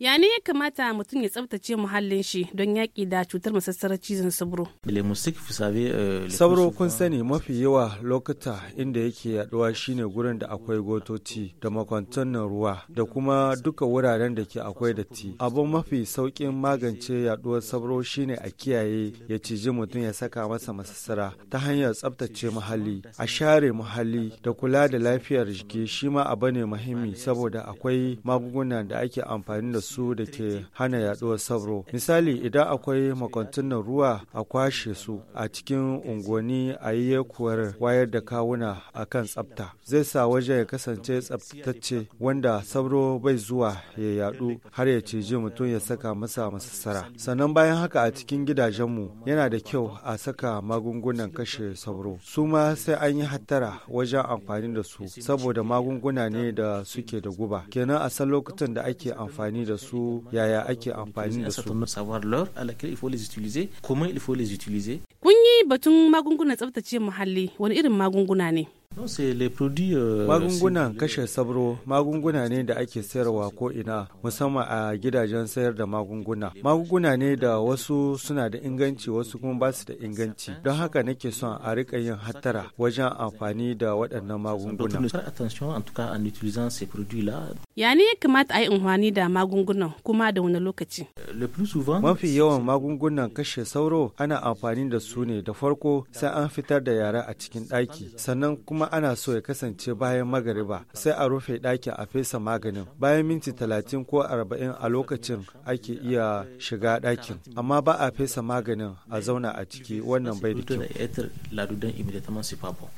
ya ne ya kamata mutum ya tsabtace muhallin shi don yaƙi da cutar masassarar cizon sabro. sauro euh, kun sani mafi yawa lokuta inda yake yaduwa shine gurin da akwai gotoci da makwantan ruwa da kuma duka wuraren da ke akwai datti abun mafi saukin magance yaduwar sauro shine a kiyaye ya ciji mutum ya saka masa masassara ta hanyar tsabtace muhalli a share muhalli da kula da lafiyar jiki shi ma abu ne muhimmi saboda akwai magungunan da ake amfani da su su da ke hana yaduwar sabro misali idan akwai makwantunan ruwa a kwashe su a cikin unguwanni a yi yakuwar wayar da kawuna a kan tsafta zai sa waje ya kasance tsaftatacce wanda sabro bai zuwa ya yadu har ya ciji mutum ya saka masa masassara sannan bayan haka a cikin gidajenmu yana da kyau a saka magungunan kashe sabro su ma sai an yi hattara wajen amfani da su saboda magunguna ne da suke da guba kenan a san lokutan da ake amfani da su yaya ake amfani da su Mun yi batun magungunan tsaftace muhalli wani irin magunguna ne? Euh, magungunan kashe sabro magunguna ne da ake sayarwa ko ina musamman a gidajen sayar da magunguna. Magunguna ne da wasu suna da inganci wasu kuma ba su da inganci. Don haka nake son a rika yin hattara wajen amfani da waɗannan magunguna. Ya ne ya kamata a yi amfani da magungunan kuma da wani lokaci? Mafi yawan magungunan kashe sauro ana amfani da su karatu ne da farko sai an fitar da yara a cikin ɗaki sannan kuma ana so ya kasance bayan magariba sai a rufe ɗakin a fesa maganin bayan minti talatin ko arba'in a lokacin ake iya shiga ɗakin amma ba a fesa maganin a zauna a ciki wannan bai da kyau